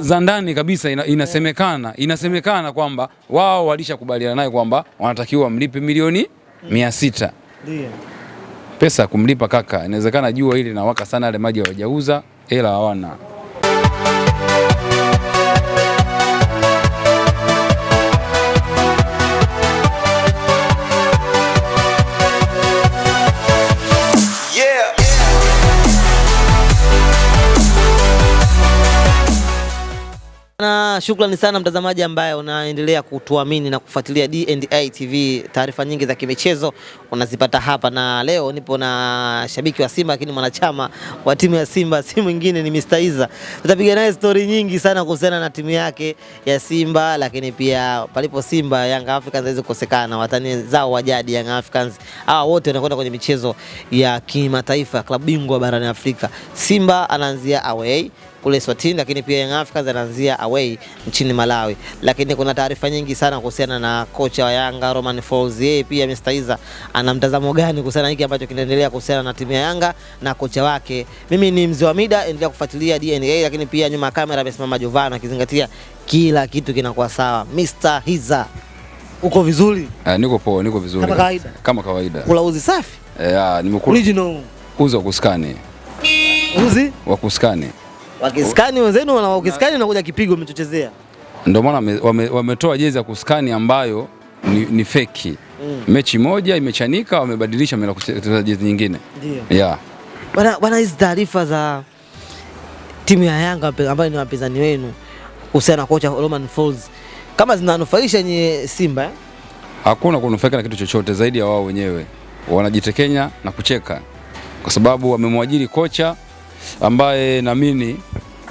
za ndani kabisa ina, inasemekana inasemekana kwamba wao walishakubaliana naye kwamba wanatakiwa mlipe milioni mia sita. Ndio. Pesa kumlipa kaka, inawezekana jua hili linawaka sana, ale maji hawajauza, hela hawana. shukrani sana mtazamaji ambaye unaendelea kutuamini na kufuatilia D&A TV. Taarifa nyingi za kimichezo unazipata hapa, na leo nipo na shabiki wa Simba lakini mwanachama wa timu ya Simba si mwingine ni Mr. Iza. Tutapiga naye story nyingi sana kuhusiana na timu yake ya Simba, lakini pia palipo Simba Young Africans haiwezi kukosekana, watani zao wajadi Young Africans. Hawa wote wanakwenda kwenye michezo ya kimataifa, klabu bingwa barani Afrika. Simba anaanzia away kule Swatini, lakini pia Young Africans anaanzia away nchini Malawi. Lakini kuna taarifa nyingi sana kuhusiana na kocha wa Yanga Roman Falls, yeye pia Mr. Iza ana mtazamo gani kuhusiana na hiki ambacho kinaendelea kuhusiana na timu ya Yanga na kocha wake. Mimi ni mzee wa mida, endelea kufuatilia DNA, lakini pia nyuma ya kamera amesimama Jovana akizingatia kila kitu kinakuwa sawa. Mr. Iza, uko vizuri? Uh, niko poa, niko vizuri kama kawaida, kama kawaida. Kula uzi safi? Eh, ah, nimekula original uzi wa kuskani, uzi wa kuskani wakiskani wenzenu wana wakiskani nakuja kipigo umetuchezea. Ndio maana wametoa jezi ya kuskani ambayo ni, ni feki mm. Mechi moja imechanika, wamebadilisha mela kucheza jezi nyingine yeah. Bwana, hizi taarifa za timu ya Yanga ambayo ni wapinzani wenu kuhusiana na kocha Roman Falls kama zinanufaisha nye Simba eh? Hakuna kunufaika na kitu chochote zaidi ya wao wenyewe, wanajitekenya na kucheka kwa sababu wamemwajiri kocha ambaye naamini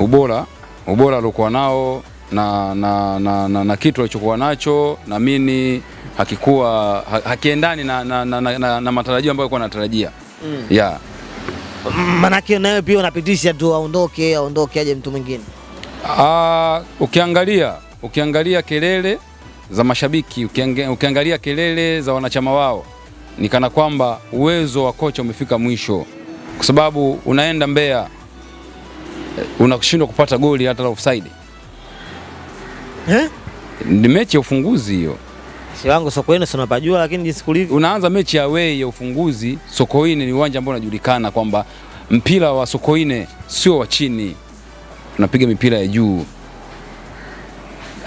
ubora ubora aliokuwa nao na, na, na, na, na kitu alichokuwa nacho naamini hakikuwa hakiendani na, na, na, na, na, na matarajio ambayo alikuwa anatarajia mm. yeah. Manake nawe pia unapitisha tu aondoke aondoke aje mtu mwingine. Uh, ukiangalia ukiangalia kelele za mashabiki ukiangalia kelele za wanachama wao ni kana kwamba uwezo wa kocha umefika mwisho, kwa sababu unaenda Mbeya unashindwa kupata goli hata la offside eh? Ni mechi ya ufunguzi hiyo. Si wangu Sokoine si unapajua, lakini jinsi kulivyo unaanza mechi ya wei ya ufunguzi. Sokoine ni uwanja ambao unajulikana kwamba mpira wa Sokoine sio wa chini, unapiga mipira ya juu,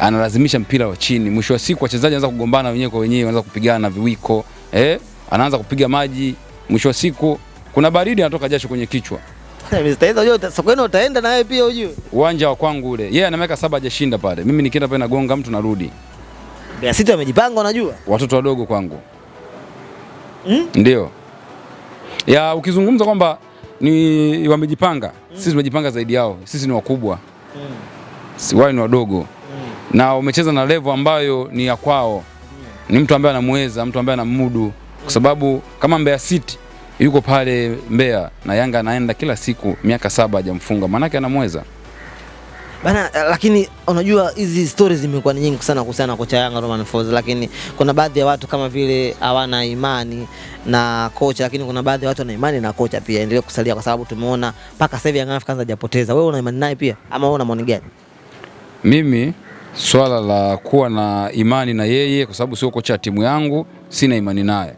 analazimisha mpira wa chini. Mwisho wa siku wachezaji wanaanza kugombana wenyewe kwa wenyewe, wanaanza kupigana viwiko eh? Anaanza kupiga maji, mwisho wa siku kuna baridi, anatoka jasho kwenye kichwa. Mr. utaenda pia ujue. Uwanja wa kwangu ule. Yeye ana miaka saba hajashinda pale. Mimi nikienda pale nagonga mtu narudi. Ya sita amejipanga unajua? Watoto wadogo kwangu. Mm? Ndio. Ya ukizungumza kwamba ni wamejipanga. Mm. Sisi tumejipanga zaidi yao. Sisi ni wakubwa. Mm. Si wao ni wadogo. Mm. Na umecheza na level ambayo ni ya kwao. Mm. Ni mtu ambaye anamuweza, mtu ambaye anamudu. Kwa sababu kama Mbeya City yuko pale Mbeya na Yanga anaenda kila siku, miaka saba hajamfunga, maanake anamweza bana. Eh, lakini unajua hizi stories zimekuwa nyingi sana kuhusiana na kocha Yanga Romain Folz, lakini kuna baadhi ya watu kama vile hawana imani na kocha, lakini kuna baadhi ya watu wana imani na kocha pia. Endelee kusalia kwa sababu tumeona mpaka sasa hivi Yanga Afrika Africans hajapoteza. Wewe una imani naye pia ama wewe una maoni gani? Mimi swala la kuwa na imani na yeye kwa sababu sio kocha ya timu yangu, sina imani naye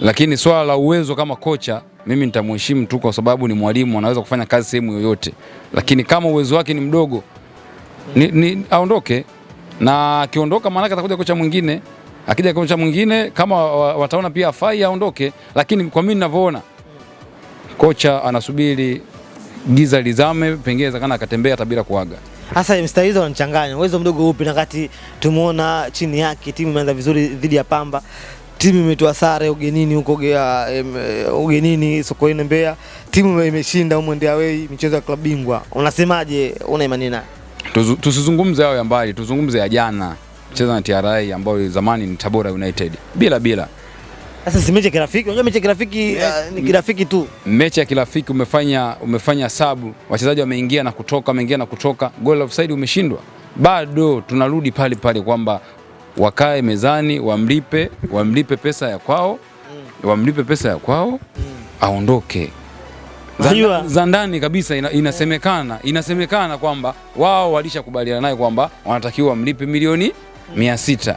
lakini swala la uwezo kama kocha mimi nitamheshimu tu kwa sababu ni mwalimu, anaweza kufanya kazi sehemu yoyote, lakini kama uwezo wake ni mdogo ni, ni, aondoke, na akiondoka maanake atakuja kocha mwingine. Akija kocha mwingine kama wataona pia afai, aondoke. Lakini kwa mimi ninavyoona, kocha anasubiri giza lizame, pengine zakana akatembea hata bila kuaga. Hasa hizo wanachanganya uwezo mdogo upi, na kati tumeona chini yake timu imeanza vizuri dhidi ya Pamba timu imetoa sare ugenini huko eh, ugenini Sokoine Mbeya, timu imeshinda humo Mbeya away michezo ya klabu bingwa. Unasemaje, una imani naye? Tusizungumze hayo ya mbali, tuzungumze ya jana cheza na TRI ambayo zamani ni Tabora United bila bila. Sasa si mechi ya kirafiki, unajua mechi ya kirafiki ah, ni kirafiki tu. Mechi ya kirafiki umefanya, umefanya sabu, wachezaji wameingia na kutoka, wameingia na kutoka, goal offside umeshindwa, bado tunarudi pale pale kwamba wakae mezani, wamlipe wamlipe pesa ya kwao, wamlipe pesa ya kwao aondoke za ndani kabisa. Ina, inasemekana inasemekana kwamba wao walishakubaliana naye kwamba wanatakiwa wamlipe milioni mia sita.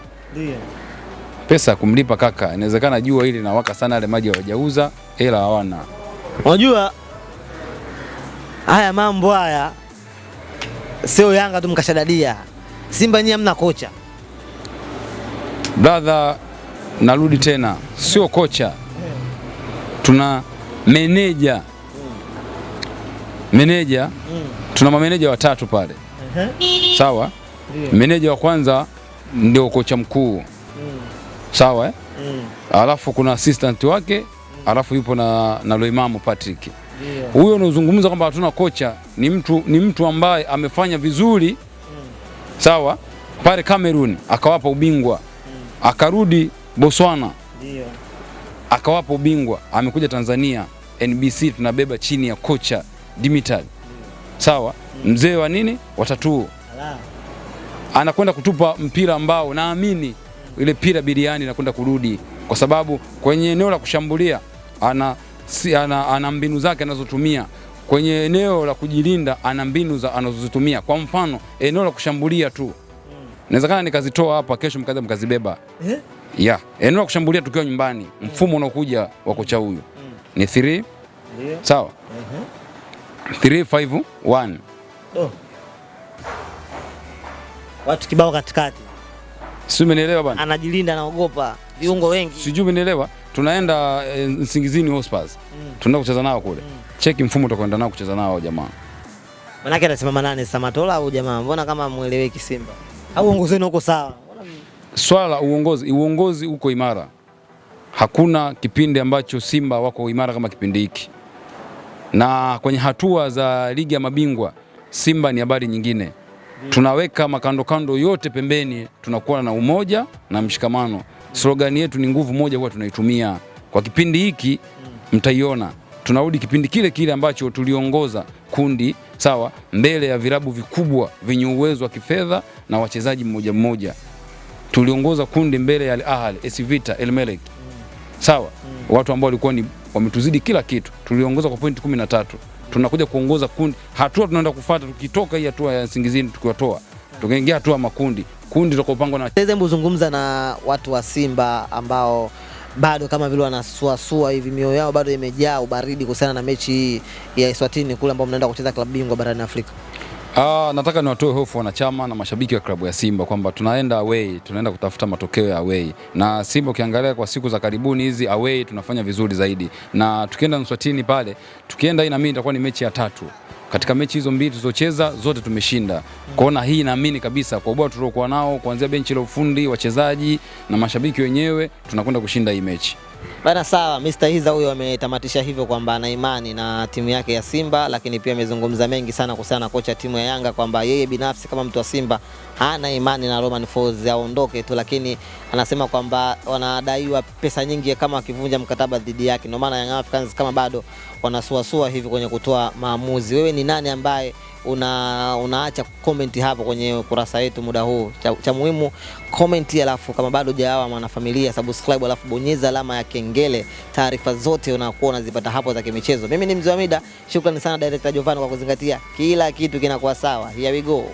pesa ya kumlipa kaka, inawezekana jua hili linawaka sana, yale maji hawajauza, hela hawana. Unajua haya mambo haya sio Yanga tu mkashadadia, Simba nyie hamna kocha. Brother, narudi tena, sio kocha, tuna meneja meneja, tuna mameneja watatu pale, sawa. Meneja wa kwanza ndio kocha mkuu, sawa eh? Alafu kuna assistant wake, alafu yupo na, na Loimamu Patrick huyo anaozungumza kwamba hatuna kocha ni mtu, ni mtu ambaye amefanya vizuri mm. sawa pale Cameroon akawapa ubingwa akarudi Botswana akawapa ubingwa, amekuja Tanzania NBC tunabeba chini ya kocha Dimitar, sawa, mzee wa nini watatu, anakwenda kutupa mpira ambao naamini ile pira biriani inakwenda kurudi, kwa sababu kwenye eneo la kushambulia ana, si, ana, ana mbinu zake anazotumia kwenye eneo la kujilinda ana mbinu za anazozitumia. Kwa mfano eneo la kushambulia tu, hmm. inawezekana nikazitoa hapa, kesho mkaza mkazibeba, eh? Yeah. Eneo la kushambulia tukiwa nyumbani, mm. mfumo unaokuja wa kocha huyu mm. ni 3 yeah. sawa, 3-5-1 mm-hmm. oh. watu kibao katikati, si umenielewa bwana? Anajilinda, anaogopa viungo wengi, sijui umenielewa. Tunaenda e, Nsingizini Hospitals mm. tunaenda kucheza nao kule mm. cheki mfumo utakwenda nao kucheza nao jamaa. Manake anasimama nane Samatola au jamaa, mbona kama mueleweki Simba au ongozeni huko sawa swala la uongozi, uongozi uko imara. Hakuna kipindi ambacho Simba wako imara kama kipindi hiki, na kwenye hatua za ligi ya mabingwa Simba ni habari nyingine. Tunaweka makandokando yote pembeni, tunakuwa na umoja na mshikamano. Slogani yetu ni nguvu moja, huwa tunaitumia kwa kipindi hiki, mtaiona tunarudi kipindi kile kile ambacho tuliongoza kundi sawa, mbele ya vilabu vikubwa vyenye uwezo wa kifedha na wachezaji mmoja mmoja tuliongoza kundi mbele ya Al Ahly, AS Vita, El Merreikh sawa mm. watu ambao walikuwa ni wametuzidi kila kitu, tuliongoza kwa pointi kumi na tatu tunakuja kuongoza kundi, hatua tunaenda kufuata. Tukitoka hii hatua ya Singizini, tukiwatoa tukaingia hatua makundi, kundi tukapangwa na sasa. zungumza na watu wa Simba ambao bado kama vile wanasuasua hivi, mioyo yao bado imejaa ubaridi kuhusiana na mechi hii ya Eswatini kule ambao mnaenda kucheza klabu bingwa barani Afrika. Ah, nataka niwatoe hofu wanachama na mashabiki wa klabu ya Simba kwamba tunaenda away, tunaenda kutafuta matokeo ya away. Na Simba ukiangalia kwa siku za karibuni hizi away tunafanya vizuri zaidi. Na tukienda Mswatini pale, tukienda mimi itakuwa ni mechi ya tatu. Katika mechi hizo mbili tulizocheza zote tumeshinda. Kwaona hii naamini kabisa kwa ubora tuliokuwa nao kuanzia benchi la ufundi, wachezaji na mashabiki wenyewe tunakwenda kushinda hii mechi. Bana, sawa Mr. Hiza huyo ametamatisha hivyo kwamba ana imani na timu yake ya Simba, lakini pia amezungumza mengi sana kuhusiana na kocha timu ya Yanga kwamba yeye binafsi kama mtu wa Simba hana imani na Romain Folz aondoke tu, lakini anasema kwamba wanadaiwa pesa nyingi kama wakivunja mkataba dhidi yake, ndio maana Young Africans kama bado wanasuasua hivi kwenye kutoa maamuzi. Wewe ni nani ambaye una unaacha comment hapo kwenye kurasa yetu muda huu. Cha, cha muhimu comment, alafu kama bado hujawa mwanafamilia subscribe, alafu bonyeza alama ya kengele. Taarifa zote unakuwa unazipata hapo za kimichezo. Mimi ni Mzee Hamida, shukrani sana Director Jovan kwa kuzingatia kila kitu kinakuwa sawa. Here we go.